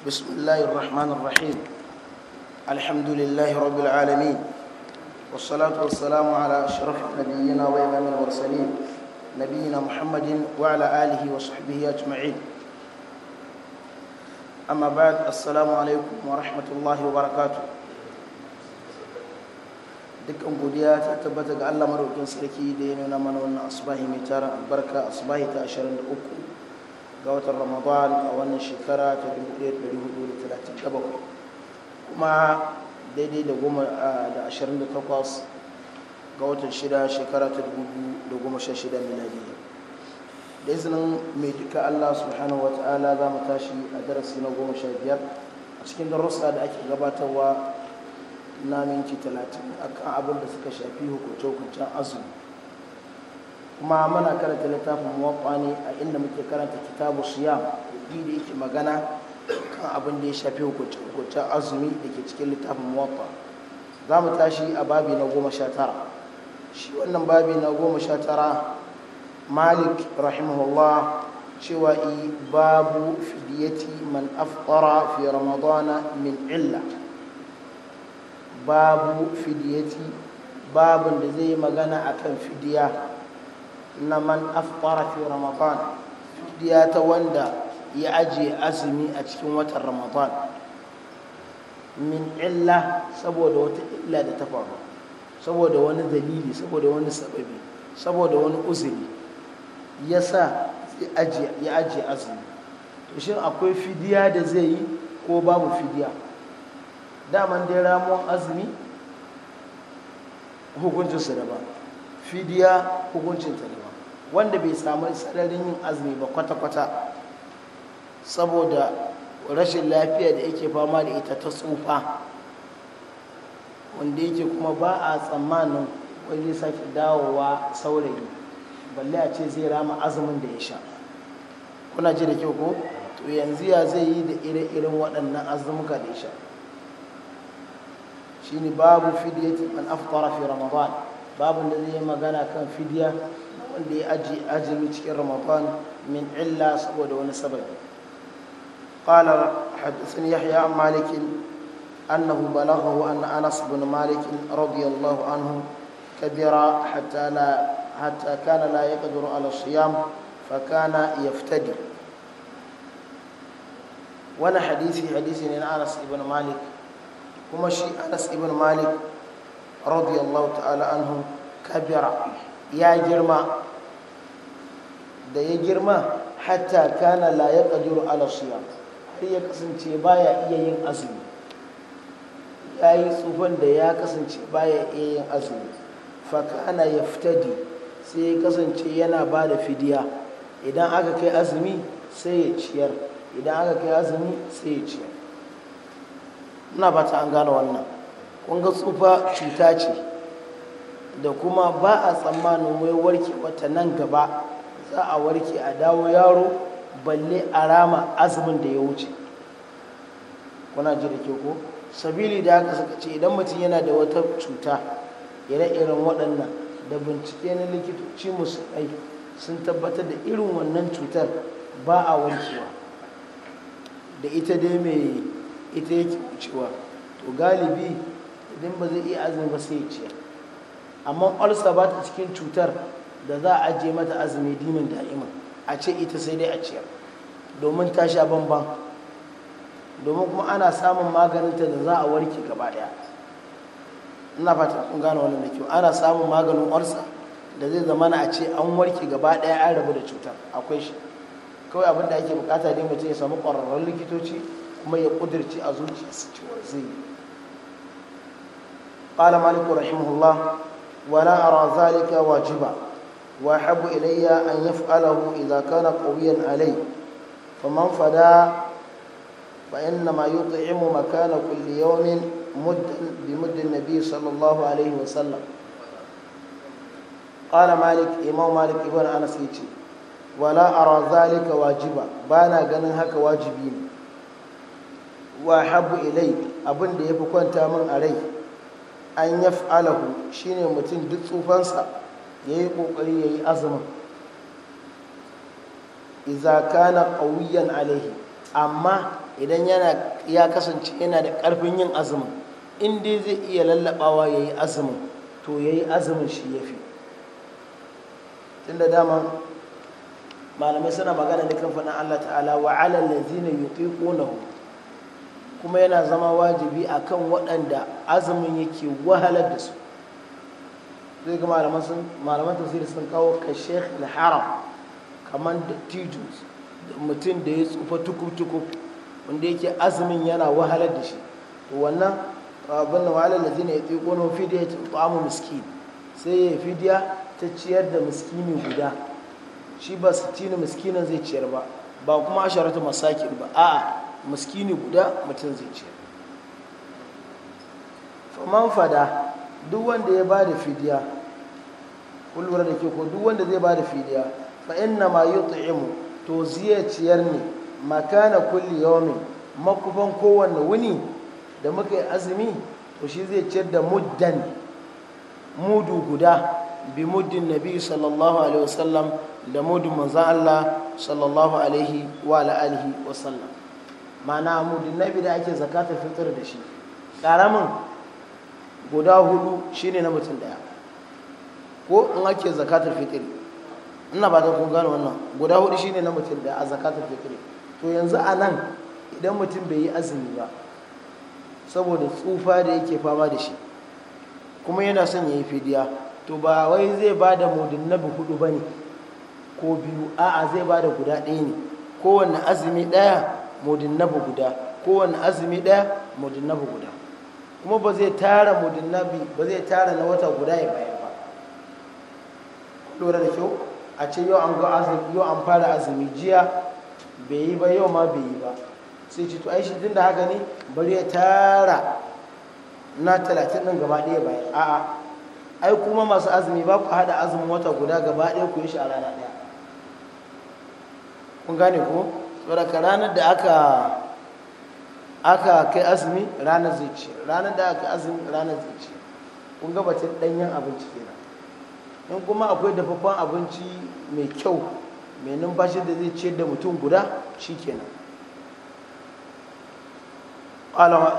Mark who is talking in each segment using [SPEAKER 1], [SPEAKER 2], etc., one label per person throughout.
[SPEAKER 1] بسم الله الرحمن الرحيم الحمد لله رب العالمين والصلاة والسلام على أشرف نبينا وإمام المرسلين نبينا محمد وعلى آله وصحبه أجمعين أما بعد السلام عليكم ورحمة الله وبركاته dukkan godiya ta tabbata ga Allah maraukin sarki da ya nuna mana wannan asbahi mai tarin albarka asbahi ta 23 ga watan ramadan a wannan shekara ta 1437 kuma daidai da 28 ga watan shida shekara ta 2016 miladiya da izinin mai duka allah subhanahu wata'ala za mu tashi a darasi na 15 a cikin darussa da ake gabatarwa na minti 30 akan abin da suka shafi hukunce-hukuncen azumi kuma muna karanta littafin muwaffa ne a inda muke karanta kitabu siya ɗi da yake magana kan abin da ya shafi hukuncin azumi da ke cikin littafin muwaffa za mu tashi a babi na goma sha tara shi wannan babi na goma sha tara malik rahimahullah cewa i babu fidiyati man afkara fi ramadana min illa babu fidiyati babin da zai magana akan fidiya na man afkara fi ramadan ya ta wanda ya ajiye azumi a cikin watan ramadan min illa saboda wata illa da ta faru saboda wani dalili saboda wani sababi saboda wani uzuri ya sa ya ajiye azumi to shi akwai fidiya da zai yi ko babu fidiya daman dai ramuwan azumi hukuncinsu da ba fidiya hukuncin ta wanda bai samu sararin yin azumi ba kwata-kwata saboda rashin lafiya da yake fama da ita ta tsufa wanda yake kuma ba a tsammanin wani sake dawowa saurayi balle a ce zai rama azumin da ya sha kuna ji da kyau ko to yanzu ya zai yi da ire-iren waɗannan azumuka da ya sha shine babu fidiyati an afkara fi ramadan babin da zai yi magana kan fidiya wanda ya aji azumi cikin ramadan min illa saboda wani sababi qala hadathani yahya an malik annahu balaghahu anna anas ibn malik radiyallahu anhu kabira hatta la hatta kana la yaqdiru ala siyam fakana yaftadir wani hadisi hadisi ne na anas ibn malik kuma shi anas ibn malik radiyallahu ta'ala anhu kabira ya girma da ya girma hatta kana la ya ƙadiru ala siyam har ya kasance baya iya yin azumi ya yi tsufan da ya kasance baya iya yin azumi fakana ya fitadi sai ya kasance yana ba da fidiya idan aka kai azumi sai ya ciyar idan aka kai azumi sai ya ciyar ina ba ta an gane wannan wanga tsufa cuta ce da kuma ba a tsammanin wai warke wata nan gaba za a warke a dawo yaro balle a rama azumin da ya wuce kuna ji da ke ko sabili da haka suka ce idan mutum yana da wata cuta ire-iren waɗannan da bincike na likitoci musu ai sun tabbatar da irin wannan cutar ba a wankewa da ita dai mai ita yake wucewa to galibi idan ba zai iya azumi ba sai ya ciyar amma ulcer ba ta cikin cutar da za a ajiye mata azumi dimin da'ima a ce ita sai dai a ciyar domin ta sha domin kuma ana samun maganinta da za a warke gaba daya ina fata kun gane wannan da kyau ana samun maganin ulcer da zai zama na a ce an warke gaba daya an rabu da cutar akwai shi kawai abin da ake bukata dai mutum ya samu ƙwararrun likitoci kuma ya kudirci a zuciya su cewa zai yi قال مالك رحمه الله ولا أرى ذلك واجبا وأحب إلي أن يفعله إذا كان قويا علي فمن فدا فإنما يطعم مكان كل يوم مد بمد النبي صلى الله عليه وسلم قال مالك إمام مالك ابن أنس يتي ولا أرى ذلك واجبا بانا ganin haka واجبين وأحب إلي أبن ديبو كنت da عليه an shi shine mutum duk tsufansa yayi kokari yayi azumin idza na qawiyan alaihi amma idan yana ya kasance yana da karfin yin azumin in dai zai iya lallabawa yi azumin to ya yi azumin shi yafi tunda dama malamai suna magana da kamfanin Allah ta'ala wa alal ladzina nahu. kuma yana zama wajibi a kan waɗanda azumin yake wahalar da su zai ga malaman tafsiri sun kawo ka sheikh al-haram kamar da titus mutum da ya tsufa tukutuku wanda yake azumin yana wahalar da shi to wannan abin da wahalar da zina ya tsiko na fidiya ta tsamu miskin sai ya fidiya ta ciyar da miskini guda shi ba sitini miskinin zai ciyar ba ba kuma a sharatu masakin ba a'a muskini guda mutum zai ce faman fada duk wanda ya ba da fidiya kun da ke ko duk wanda zai ba da fidiya fa inna ma yi yut'imu to ciyar ne makana kulli yawmin makufan kowanne wuni da muka yi azumi to shi zai ciyar da muddan mudu guda bi muddin nabi sallallahu alaihi wasallam da mudu manzan Allah sallallahu alaihi wa alihi wasallam mana mudin nabi da ake zakatar fitar da shi ƙaramin guda hudu shine na mutum daya ko in ake zakatar fitar ina ba ta kun gane wannan guda hudu shine na mutum daya a zakatar fitar to yanzu a nan idan mutum bai yi azumi ba saboda tsufa da yake fama da shi kuma yana son ya yi fidiya to ba wai zai ba da mudin nabi hudu ba ne ko biyu a'a zai ba da guda ɗaya ne kowane azumi ɗaya mudinnabu guda kowane azumi ɗaya mudinnabu guda kuma ba zai tara mudinnabi ba zai tara na wata guda ya bayan ba lura da kyau a ce yau an azumi yau an fara azumi jiya bai yi ba yau ma bai yi ba sai ce to ai shi tun da haka ne bari ya tara na talatin ɗin gaba ɗaya bayan a'a ai kuma masu azumi ba ku haɗa azumin wata guda gaba ɗaya ku yi shi a rana ɗaya kun gane ko tsoraka ranar da aka aka kai azumi ranar zai ce ranar da aka azumi ranar zai ce kun ga batun danyen abinci kenan in kuma akwai dafaffen abinci mai kyau mai numfashi da zai ce da mutum guda shi kenan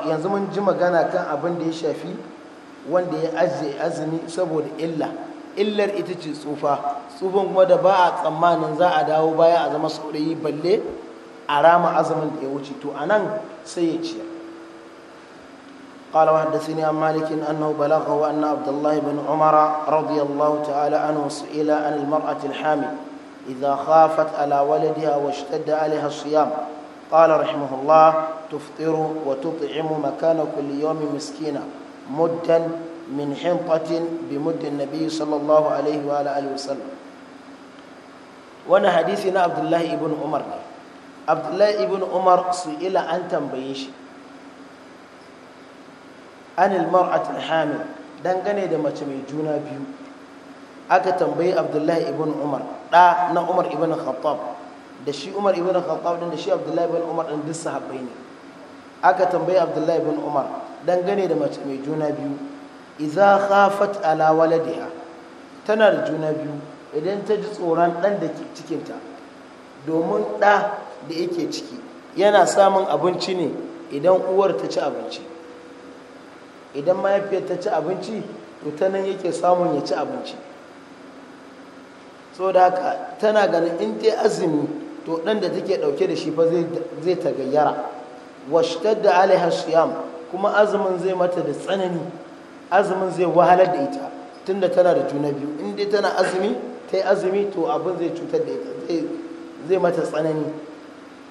[SPEAKER 1] yanzu mun ji magana kan abin da ya shafi wanda ya ajiye azumi saboda illa illar ita ce tsufa tsufan kuma da ba a tsammanin za a dawo baya a zama saurayi balle a rama azumin ya wuce to a nan sai ya ciyar ƙalawa da sini a malikin annahu balaga wa annan abdullahi bin umara radiyallahu ta'ala an wasu ila an al-mar'at al-hami idha khafat ala a wa shtadda alaiha siyam qala rahimahullah tuftiru wa tut'imu makana kulli yawmin miskina mudan min hintatin bi muddin nabiy sallallahu alaihi wa alihi wa hadisi na abdullahi ibn umar ne abdullahi ibn umar su ila an tambaye shi anil mar'atul hamil dangane da mace mai juna biyu aka tambayi abdullahi ibn umar ɗa na umar ibn khattab da shi umar ibn khattab din da shi abdullahi ibn umar din duk sahabbai ne aka tambayi abdullahi ibn umar dangane da mace mai juna biyu idza khafat ala waladiha tana da juna biyu idan ta ji tsoron ɗan da ke cikinta domin ɗa da yake ciki yana samun abinci ne idan uwar ta ci abinci idan mahaifiyar ta ci abinci to ta nan yake samun ya ci abinci so da haka tana ganin in ta azumi to ɗan da take ɗauke da shi fa zai ta gayyara washtar da alaiha siyam kuma azumin zai mata da tsanani azumin zai wahalar da ita tunda tana da juna biyu in dai tana azumi ta yi azumi to abin zai cutar da ita zai mata tsanani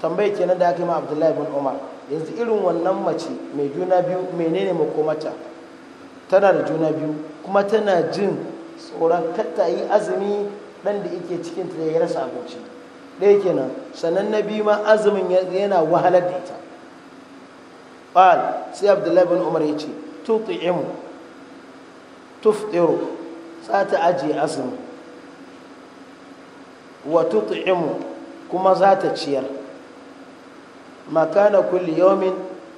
[SPEAKER 1] tambayi kenan da aka yi ma abdullahi bin umar yanzu irin wannan mace mai juna biyu menene makomata tana da juna biyu kuma tana jin tsoron katta yi azumi dan da yake cikin ta ya rasa abinci ɗaya kenan sannan na biyu ma azumin yana wahalar da ita qal sai abdullahi bin umar ya ce tuti'imu tuftiru za ta ajiye azumi wa tuti'imu kuma za ta ciyar makana kulli yawmin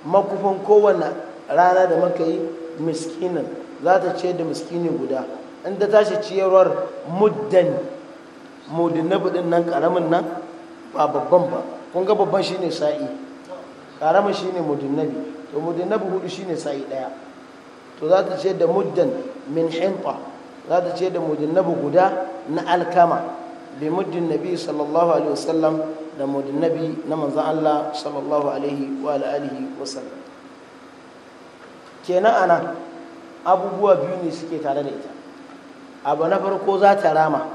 [SPEAKER 1] makufin kowane rana da muka yi miskinin za ta ce da miskini guda in ta tashi ciyarwar muddan mudin na budin nan karamin nan ba babban ba kun ga babban shine sa'i karamin shine mudinabi. nabi to mudin hudu shine sa'i daya to za ta ce da muddan min hinta za ta ce da mudin guda na alkama bi muddin nabi sallallahu alaihi wasallam da modin nabi na manzan Allah sallallahu alaihi wa alihi wasallam kenan ana abubuwa biyu ne suke tare da ita abu na farko za ta rama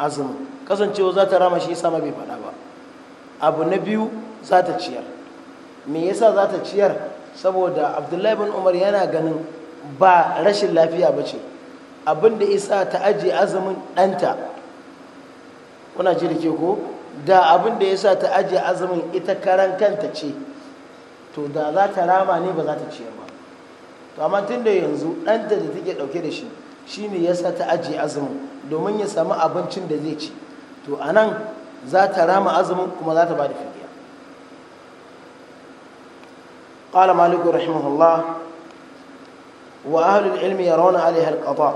[SPEAKER 1] azumin kasancewa za ta rama shi sama bai faɗa ba abu na biyu za ta ciyar me yasa za ta ciyar saboda abdullahi bin umar yana ganin ba rashin lafiya ba ce abinda isa ta ajiye azumin ɗanta kuna ji da ke ko da abin da ya sa ta ajiye azumin ita karan kanta ce to da za ta rama ne ba za ta ciyar ba to amma tun da yanzu ɗanta da take ɗauke da shi shi ne ya sa ta ajiye azumin domin ya samu abincin da zai ci to a nan za ta rama azumin kuma za ta ba da fidiya ƙala maliku rahimahullah wa ahlul ilmi yarawna alaiha alqada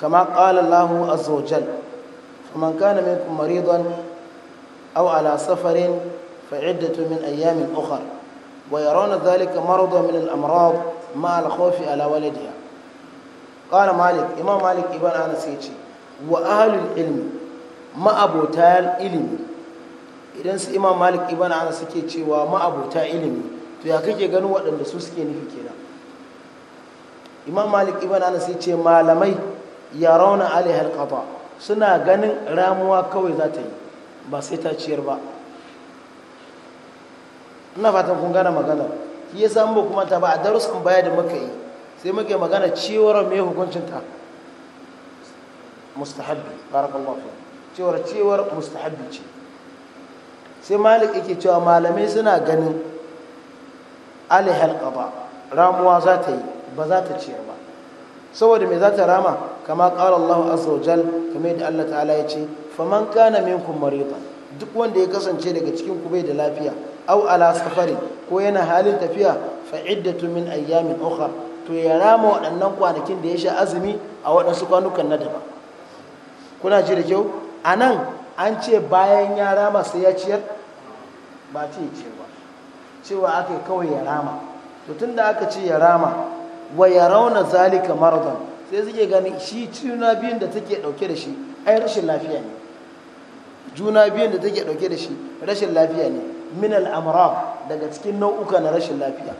[SPEAKER 1] kama qala lahu azza wa فمن كان منكم مريضا أو على سفر فعدة من أيام أخر ويرون ذلك مرضا من الأمراض مع الخوف على ولدها قال مالك إمام مالك ابن أنس يجي وأهل العلم ما أبو تال علم idan su imam malik ibn anas suke cewa ma'abuta ilimi to ya kake ganin waɗanda su suke nufi kenan imam malik ibn anas ya ce malamai ya rauna alaihi alqada suna ganin ramuwa kawai za ta yi ba sai ta ciyar ba ina fatan kun gane magana ya samu ba kuma ta ba a darussan baya da muka yi sai muke magana cewar mai hukuncin ta mustahabbi barakallahu fi cewar cewar mustahabbi ce sai malik yake cewa malamai suna ganin alihal ba ramuwa za ta yi ba za ta ciyar ba saboda mai za ta rama kama qala Allah azza jal kamar yadda Allah ta'ala ya ce faman kana minkum maridan duk wanda ya kasance daga cikin ku da lafiya au ala safari ko yana halin tafiya fa min ayyamin ukhra to ya rama waɗannan kwanakin da ya sha azumi a waɗansu kwanukan na daba kuna ji da kyau a nan an ce bayan ya rama sai ya ciyar ba ce ya ciyar ba cewa aka kawai ya rama to tun da aka ce ya rama wa ya rauna zalika maradon sai suke gani shi juna biyun da take dauke da shi ai rashin lafiya ne juna biyun da take dauke da shi rashin lafiya ne min al daga cikin nau'uka na rashin lafiya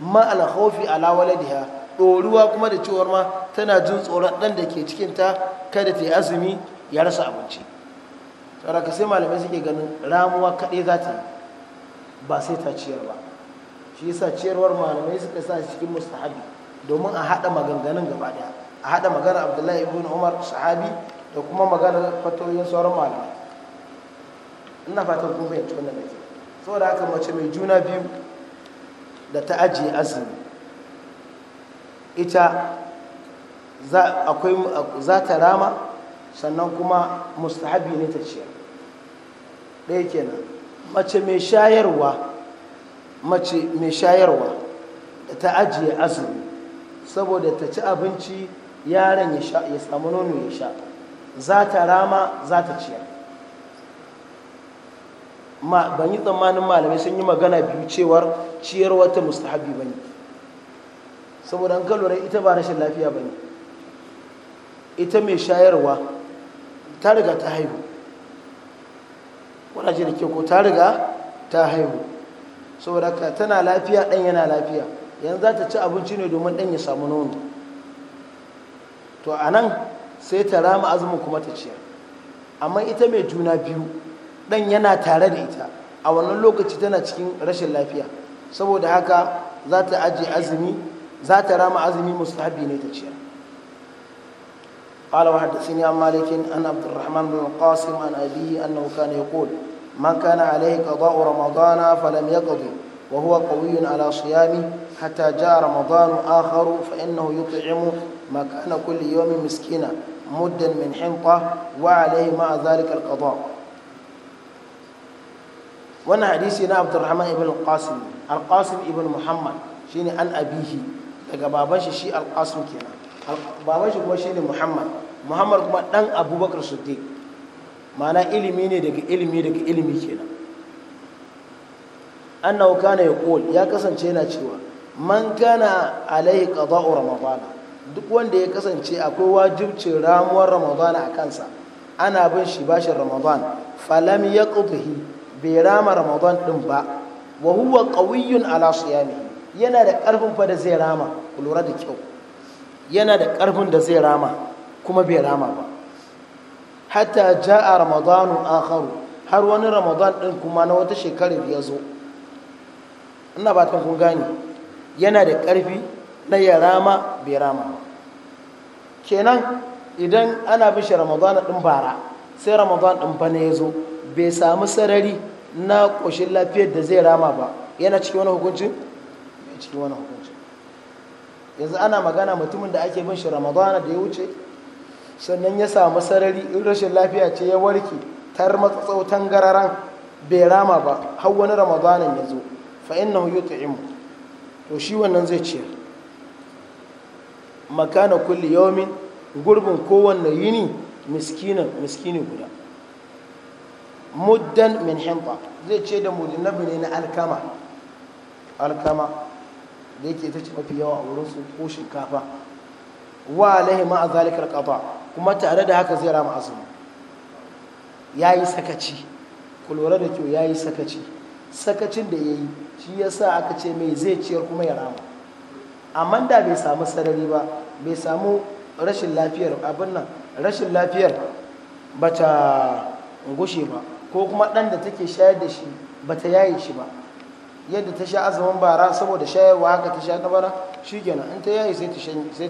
[SPEAKER 1] ma al khawfi ala waladiha doruwa kuma da cewar ma tana jin tsoron dan da ke cikin ta kada ta yi azumi ya rasa abinci saboda sai malamai suke ganin ramuwa kaɗai za ta ba sai ta ciyar ba shi yasa ciyarwar malamai suka sa cikin mustahabi domin a haɗa maganganun gaba daya a haɗa maganar abdullahi ibn umar sahabi da kuma maganar fatoyin sauran malamai ina fatan kun bayyana wannan da ke saboda haka mace mai juna biyu da ta ajiye azumi ita za ta rama sannan kuma mustahabi ne ta ciyar ɗaya kenan mace mai shayarwa mace mai shayarwa da ta ajiye azumi saboda ta ci abinci yaron ya samu nono ya sha za ta rama za ta ciyar Ma ban yi tsammanin malamai sun yi magana biyu cewar ciyar wata mustahabi ba ne saboda an ita ba rashin lafiya ba ne ita mai shayarwa ta riga ta haihu wadace da ke ko ta riga ta haihu saboda ka tana lafiya ɗan yana lafiya yanzu za ta ci abinci ne domin ɗan ya samu nono to a nan sai ta rama azumin kuma ta ciyar amma ita mai juna biyu ɗan yana tare da ita a wannan lokaci tana cikin rashin lafiya saboda haka za ta aje azumi za ta rama azumi mustahabi ne ta ciyar قال وحدثني عن مالك عن عبد الرحمن بن القاسم عن أبيه أنه كان يقول من كان عليه قضاء رمضان فلم يقض وهو قوي على صيامه حتى جاء رمضان آخر فإنه يطعم مكان كل يوم مسكينا مدا من حنطة وعليه مع ذلك القضاء وانا حديثنا عبد الرحمن بن القاسم القاسم ابن محمد شيني أن أبيه daga baban shi shi alƙasim kenan baban shi kuma shi ne muhammad kuma ɗan abubakar siddiq ma'ana ilimi ne daga ilimi daga ilimi kenan annahu kana yaqul ya kasance yana cewa man kana alaihi qada'u ramadana duk wanda ya kasance akwai wajibcin ramuwar ramadana a kansa ana bin shi bashin ramadan falam yaqdihi bai rama ramadan din ba wa huwa qawiyyun ala siyamihi yana da karfin fa da zai rama ku da kyau yana da karfin da zai rama kuma bai rama ba a ja'a ramadanu akharu har wani ramadan din kuma na wata shekarar ya zo ina ba kun gane yana da ƙarfi na ya rama bai rama kenan idan ana bishe shi ɗin bara sai ramadana ɗin bana ya zo bai samu sarari na ƙoshin lafiyar da zai rama ba yana cikin wani hukuncin bai cikin wani hukuncin yanzu ana magana mutumin da ake bin shi ramadana da ya wuce sannan ya samu sarari in rashin lafiya ce ya warke tar matsatsautan gararan bai rama ba har wani ramadana ya zo fa innahu imu to shi wannan zai ciyar makana kulli yawmin gurbin kowanne yini miskinin miskini guda muddan min hinta zai ce da mudinabi ne na alkama alkama da yake ta ci mafi yawa a wurin su ko shinkafa wa alaihi ma a zalikar kafa kuma tare da haka zai rama azumi ya yi sakaci ku da kyau ya yi sakaci sakacin da ya yi shi ya sa aka ce mai zai ciyar kuma ya rama amma da bai samu sarari ba bai samu rashin lafiyar abin nan rashin lafiyar ba ta gushe ba ko kuma ɗan da take shayar da shi ba ta yaye shi ba yadda ta sha azumin bara saboda shayarwa haka ta sha ta bara shi kenan in ta yaye sai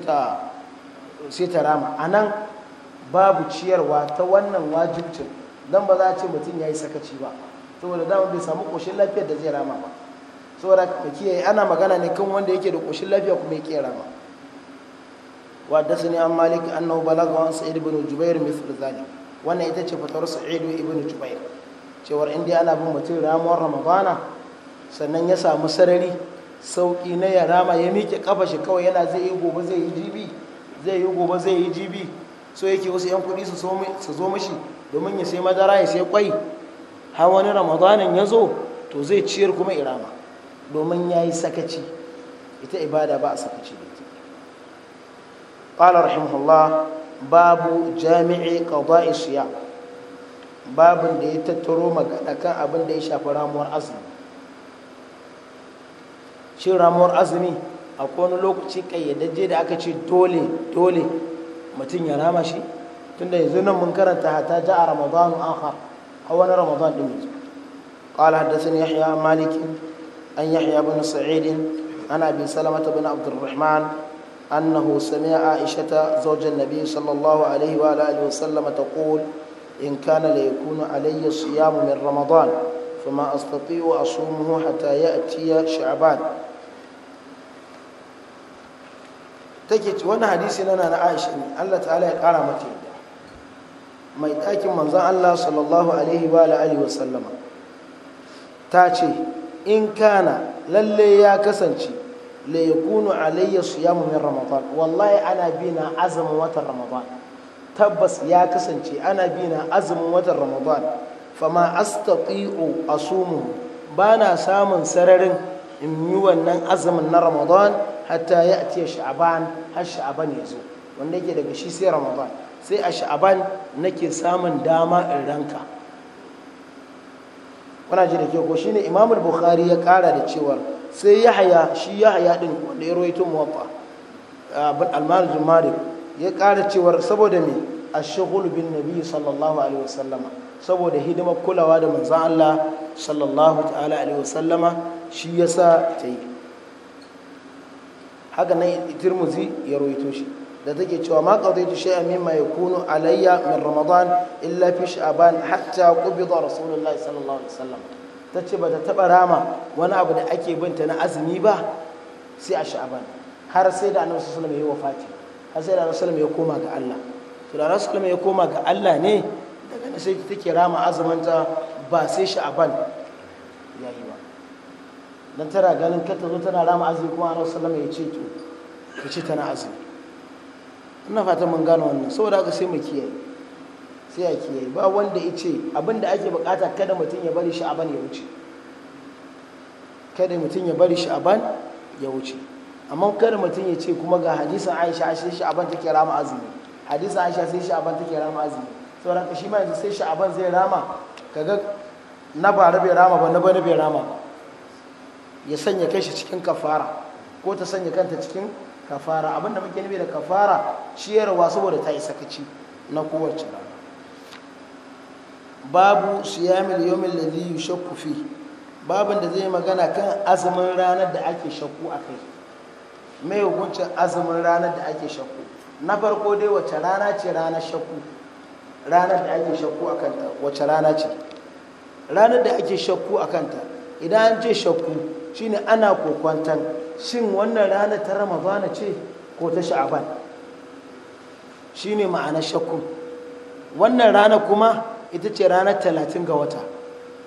[SPEAKER 1] ta rama a nan babu ciyarwa ta wannan wajibcin don ba za a ce mutum ya yi sakaci ba saboda dama bai samu ƙoshin lafiyar da zai rama ba saboda ka kiyaye ana magana ne kan wanda yake da koshin lafiya kuma ya kera ma wa ne an malik annahu balagha an sa'id ibn jubair mithl zalik wannan ita ce fatar sa'id ibn jubair cewar inda ana bin mutum ramuwar ramadana sannan ya samu sarari sauki na ya rama ya miƙe ƙafa shi kawai yana zai yi gobe zai yi jibi zai yi gobe zai yi jibi so yake wasu yan kuɗi su zo mashi domin ya sai madara ya sai kwai har wani ramadanin ya zo to zai ciyar kuma irama domin ya yi sakaci ita ibada ba a sakaci da ita ƙwala rahimahullah babu jami'i ƙauda'i ishiya babin da ya tattaro magana kan abin da ya shafi ramuwar azumi shi ramuwar azumi a wani lokaci kayyadajje da aka ce dole dole mutum ya rama shi tunda yanzu nan mun karanta hata ja a ramadan ha a wani ramadan ɗin yanzu da sun yahya maliki. أن يحيى بن سعيد عن أبي سلمة بن عبد الرحمن أنه سمع عائشة زوج النبي صلى الله عليه وآله وسلم تقول إن كان ليكون علي صيام من رمضان فما أستطيع أصومه حتى يأتي شعبان take wani hadisi na na Aisha ne Allah ta'ala ya kara mata yadda mai ɗakin manzon Allah sallallahu alaihi wa alihi wa sallama ta ce in kana lalle ya kasance la yakunu alayya siyamu min ramadan wallahi ana bina azumin watan ramadan tabbas ya kasance ana bina azumin watan ramadan fama astati'u asumu bana samun sararin in yi wannan azumin na ramadan hatta ya atiya sha'aban har sha'aban ya zo wanda yake daga shi sai ramadan sai a sha'aban nake samun dama in ranka kuna ji da ke ko shine imam bukhari ya kara da cewar sai yahya shi yahya din wanda ya rawaito muwaffa abin almanu jumari ya kara cewar saboda me ashughul bin nabi sallallahu alaihi wasallam saboda hidima kulawa da manzon Allah sallallahu ta'ala alaihi wasallama shi yasa ta yi haka nan tirmizi ya rawaito shi da take cewa ma qadaytu shay'an mimma yakunu alayya min ramadan illa fi sha'ban hatta qubida rasulullahi sallallahu alaihi wasallam tace bata taba rama wani abu da ake binta na azumi ba sai a sha'ban har sai da annabi sallallahu alaihi wasallam ya wafati har sai da annabi sallallahu alaihi wasallam ya koma ga Allah to da annabi sallallahu alaihi wasallam ya koma ga Allah ne daga nan sai take rama azumin ta ba sai sha'ban yayi ba dan tara ganin kanta zo tana rama azumi kuma annabi sallallahu alaihi wasallam ya ce to ki ce tana azumi ina fata mun gano wannan saboda haka sai mu kiyaye sai a kiyaye ba wanda ya ce abin da ake bukata kada mutum ya bari sha'aban ya wuce kada mutum ya bari sha'aban ya wuce amma kada mutum ya ce kuma ga hadisan aisha sai sha'aban take rama azumi hadisan aisha sai sha'aban take rama azumi saboda haka shi ma yanzu sai sha'aban zai rama kaga na bara bai rama ba na bana bai rama ya sanya kai shi cikin kafara ko ta sanya kanta cikin kafara abinda muke nufi da kafara ciyarwa saboda ta yi sakaci na kowace rana babu siyamil yawmin yi shakku fi babin da zai magana kan azumin ranar da ake shakku a kai mai hukuncin azumin ranar da ake shakku na farko dai wace rana ce ranar shakku ranar da ake shakku a kanta wace rana ce ranar da ake shakku a kanta idan an ce shakku shine ana kokwantan shin wannan rana ta ramadana ce ko ta sha'aban Shi ne ma'anar shakku wannan rana kuma ita ce ranar talatin ga wata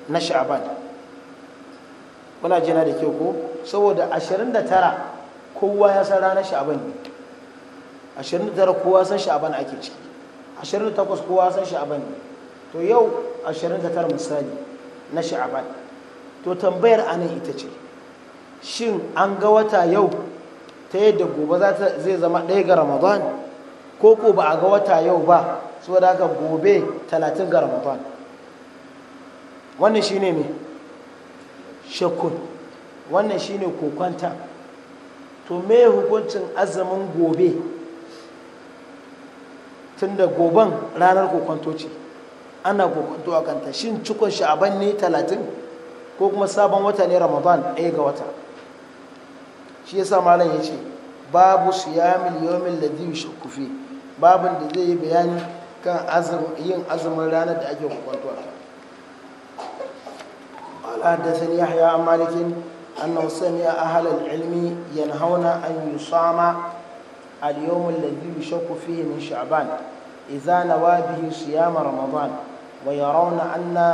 [SPEAKER 1] na sha'aban kuna jina da ke ko saboda 29 kowa ya san ranar sha'aban ne 29 kowa san sha'aban ake ciki 28 kowa san sha'aban ne to yau 29 misali na sha'aban to tambayar anan ita ce shin an ga wata yau ta yadda gobe zai zama ɗaya ga ramadan ko ko ba a ga wata yau ba da haka gobe talatin ga ramadan wannan shi ne shakun wannan shi ne kokonta to me hukuncin azumin gobe tunda goben ranar kokonto ce ana kokonto a kanta shin cikon sha'aban ne talatin ko kuma sabon wata ne ramadan ɗaya ga wata shi yasa malam ce babu siyamil yawmin ladhi yushakku fi babun da zai yi bayani kan yin azumin ranar da ake hukuntuwa ala da san yahya malikin annahu sami'a ahal al-ilmi yanhauna an yusama al-yawm alladhi yushakku fihi min sha'ban idza nawabihi siyam ramadan wa yarawna anna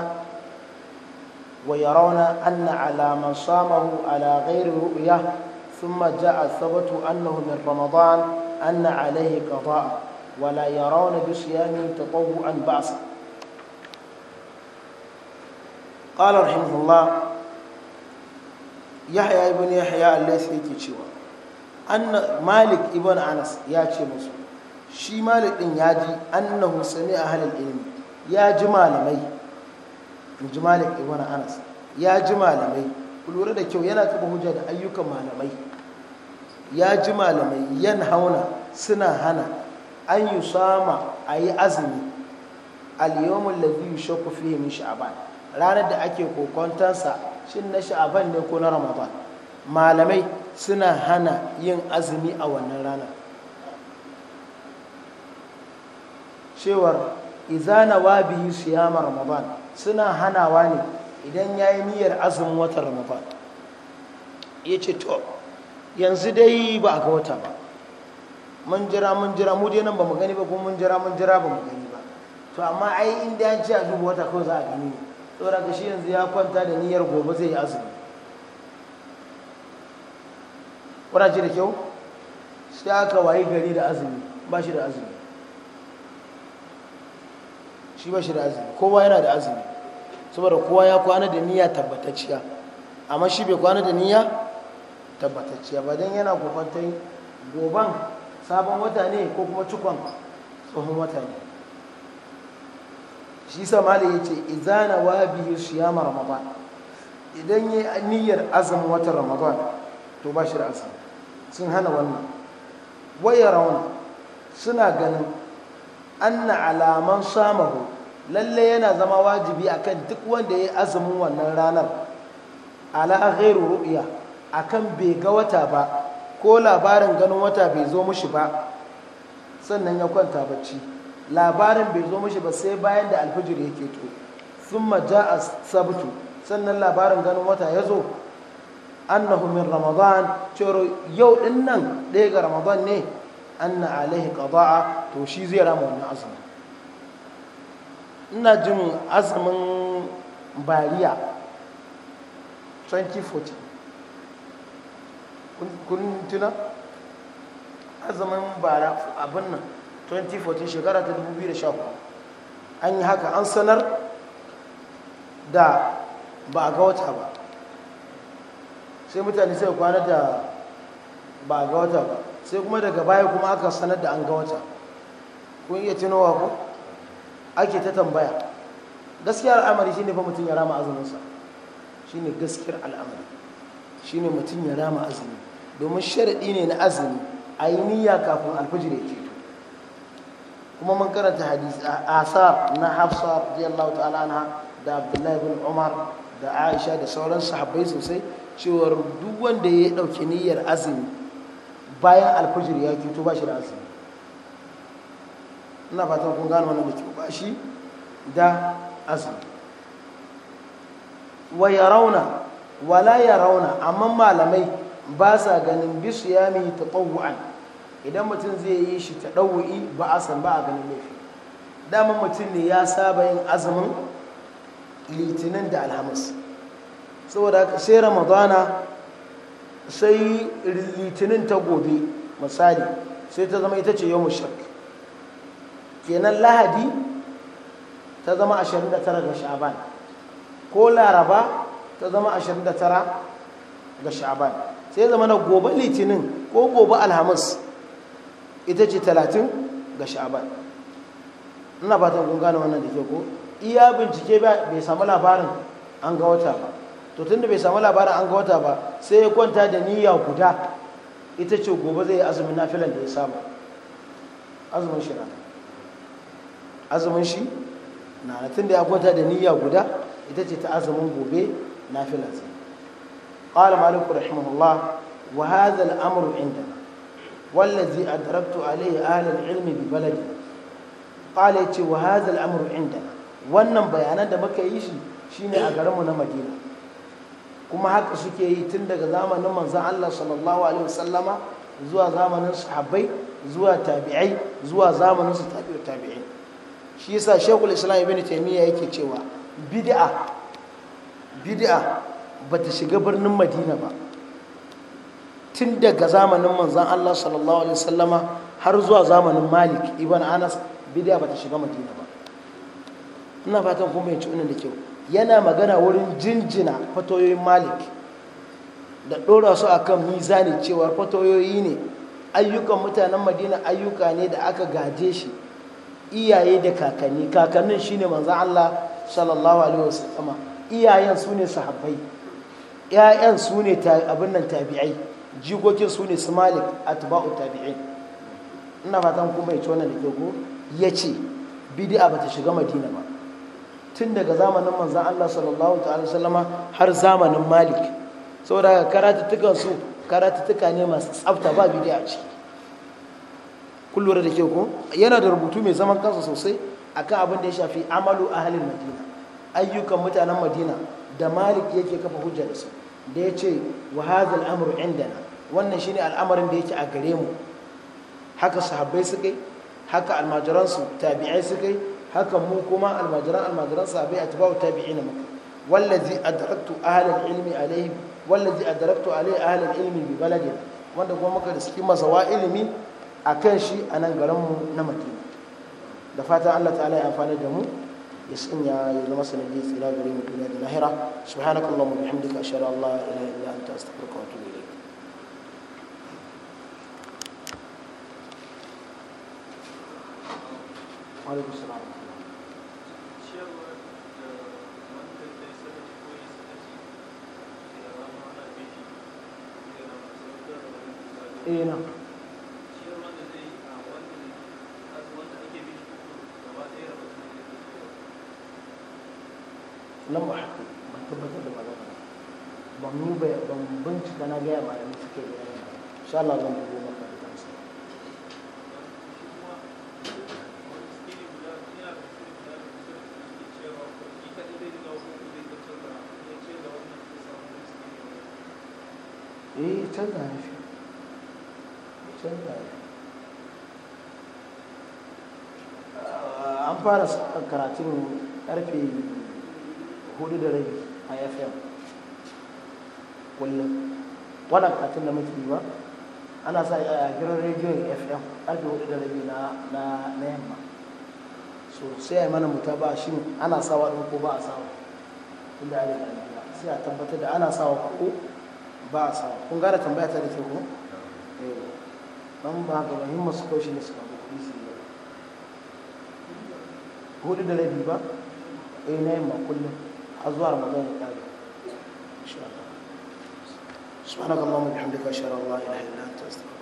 [SPEAKER 1] wa yarawna anna ala man samahu ala ghayri ru'yah ثم جاء الثبت أنه من رمضان أن عليه قضاء ولا يرون بصيامه تطوعا بأسا قال رحمه الله يحيى ابن يحيى الليثي كيتشوا أن مالك ابن أنس يا مسو شي مالك إن ياجي أنه سمع أهل العلم يا جمال مي جمالك ابن أنس يا جمال مي ku da kyau yana taba hujja da ayyukan malamai ya ji malamai yan hauna suna hana an yi sama a yi azumi aliyomin lafi yi shakku fiye min sha'aban ranar da ake kokontansa shin na sha'aban ne ko na ramadan malamai suna hana yin azumi a wannan ranar cewar izana wa biyu ma ramadan suna hanawa ne idan ya yi niyyar azumin watan ramadan ya ce to yanzu dai ba a ga wata ba mun jira mun jira mu dai nan ba mu gani ba kuma mun jira mun jira ba mu gani ba to amma ai inda da an ce a wata kawai za a gani ne saboda ka shi yanzu ya kwanta da niyyar gobe zai yi azumi kuna ji da kyau sai aka wayi gari da azumi ba shi da azumi shi ba shi da azumi kowa yana da azumi saboda kowa ya kwana da niyya tabbatacciya amma shi bai kwana da niyya tabbatacciya ba don yana gobantai goban sabon wata ne ko kuma cikon tsohon wata ne shi samali ya ce izana wa biyu siyama ramadan idan ya niyyar azumin watan ramadan to ba shi da azumi sun hana wannan waya rauna suna ganin na alaman samahu lalle yana zama wajibi akan duk wanda ya azumin wannan ranar ala ghairu ru'ya akan bai ga wata ba ko labarin ganin wata bai zo mushi ba sannan ya kwanta bacci labarin bai zo mushi ba sai bayan da alfijir yake to thumma ja'a sabtu sannan labarin ganin wata ya zo annahu min ramadan cewar yau din nan ɗaya ga ramadan ne anna alaihi qada'a to shi zai rama wannan azumin ina jin azumin bariya 2014 kun tuna azumin bara abin nan 2014 shekara ta 2014 an yi haka an sanar da ba a ga wata ba sai mutane sai kwana da ba a ga wata ba sai kuma daga baya kuma aka sanar da an ga wata kun iya tunawa ko? ake ta tambaya gaskiyar al'amari shine fa mutum ya rama sa shine gaskiyar al'amari shine mutum ya rama azumi domin sharaɗi ne na azumi a yi niyya kafin alfajir ya ce kuma mun karanta hadis asar na hafsa radiyallahu ta'ala anha da abdullahi bin umar da aisha da sauran sahabbai sosai cewa duk wanda ya dauke niyyar azumi bayan alfajir ya ceto ba shi da azumi ina fatan kun gano wannan da ba shi da azumi wa ya rauna wala ya rauna amma malamai ba sa ganin bisu ya mai ta idan mutum zai yi shi ta ɗawu'i ba a san ba a ganin laifi daman mutum ne ya saba yin azumin litinin da alhamis saboda sai ramadana sai litinin ta gobe misali sai ta zama ita ce yau shak kenan lahadi ta zama 29 ga sha'aban ko laraba ta zama 29 ga sha'aban sai zama na gobe litinin ko gobe alhamis ita ce 30 ga sha'aban ina ba ta kun gane wannan da ke ko iya bincike bai samu labarin an ga wata ba to tunda bai samu labarin an ga wata ba sai ya kwanta da niyya guda ita ce gobe zai yi azumin nafilan da ya samu azumin shirana azumin shi na tun da ya kwanta da niyya guda ita ce ta azumin gobe na filansa ƙala maliku rahimahullah wa haza al’amuru inda wallazi adraktu alayhi ahli ilmi bi baladi ƙala yace wa haza al’amuru inda wannan bayanan da muka yi shi shi ne a garinmu na Madina kuma haka suke yi tun daga zamanin manzon Allah sallallahu alaihi wasallama zuwa zamanin sahabbai zuwa tabi'ai zuwa zamanin su tabi'ai shi yasa shekul islam ibn taimiyya yake cewa bid'a bid'a ba ta shiga birnin madina ba tun daga zamanin manzan allah sallallahu alaihi wasallama har zuwa zamanin malik ibn anas bid'a ba ta shiga madina ba ina fatan kuma ya ci da kyau yana magana wurin jinjina fatoyoyin malik da ɗora su a kan mizani cewar fatoyoyi ne ayyukan mutanen madina ayyuka ne da aka gaje shi iyaye da kakanni kakannin shine manzan Allah sallallahu alaihi wasallama iyayen su ne sahabbai ƴaƴan su ne abin nan tabi'ai jikokin su ne su malik tuba'u tabi'in ina fatan kuma ya ci wannan da ke ko ya ce ba bata shiga madina ba tun daga zamanin manzan Allah sallallahu ta'ala sallama har zamanin malik saboda karatuttukan su karatuttuka ne masu tsafta ba bidi'a ciki kun da ke ko yana da rubutu mai zaman kansa sosai akan abin da ya shafi amalu ahalin madina ayyukan mutanen madina da malik yake kafa hujja su da ya ce wa hadha al'amru indana wannan shine al'amarin da yake a gare mu haka sahabbai suka yi haka almajiran su tabi'ai suka yi haka mu kuma almajiran almajiran sahabbai atba'u tabi'ina muka wallazi adraktu ahlal ilmi alaihim wallazi adraktu alai ahlal ilmi bi baladina wanda kuma muka riski masa wa ilimi a kan shi a nan garinmu na madina da fatan allah ta'ala ya amfani da mu ya sanya ya zama sanadi tsira gare mu duniya da lahira subhanakallahumma bihamdika ashhadu an la ilaha illa anta astaghfiruka wa atubu ilayk وعليكم السلام lam haku ban tabbatar da magana ban mu ban bincika na gaya malamai suke da yana insha Allah zan bugo maka da kansa eh canza haifi canza haifi ah, an fara karatun karfe hudu da rai a fm kullum wannan karatun da muke ba ana sa a gidan rediyon fm ƙarfe hudu da rai na yamma so sai a yi mana muta ba shi ana sawa ɗin ko ba a sawa inda a riga ba sai a tabbatar da ana sawa ko ba a sawa kun gara tambaya ta da ke ko ban eh. ba ga muhimmin su kawai shi ne suka ba kuɗi su yi hudu da rai ba eh na yamma kullum أزوار مضمون القادم إن شاء الله سبحانك اللهم وبحمدك أشهد أن لا إله إلا أنت أستغفرك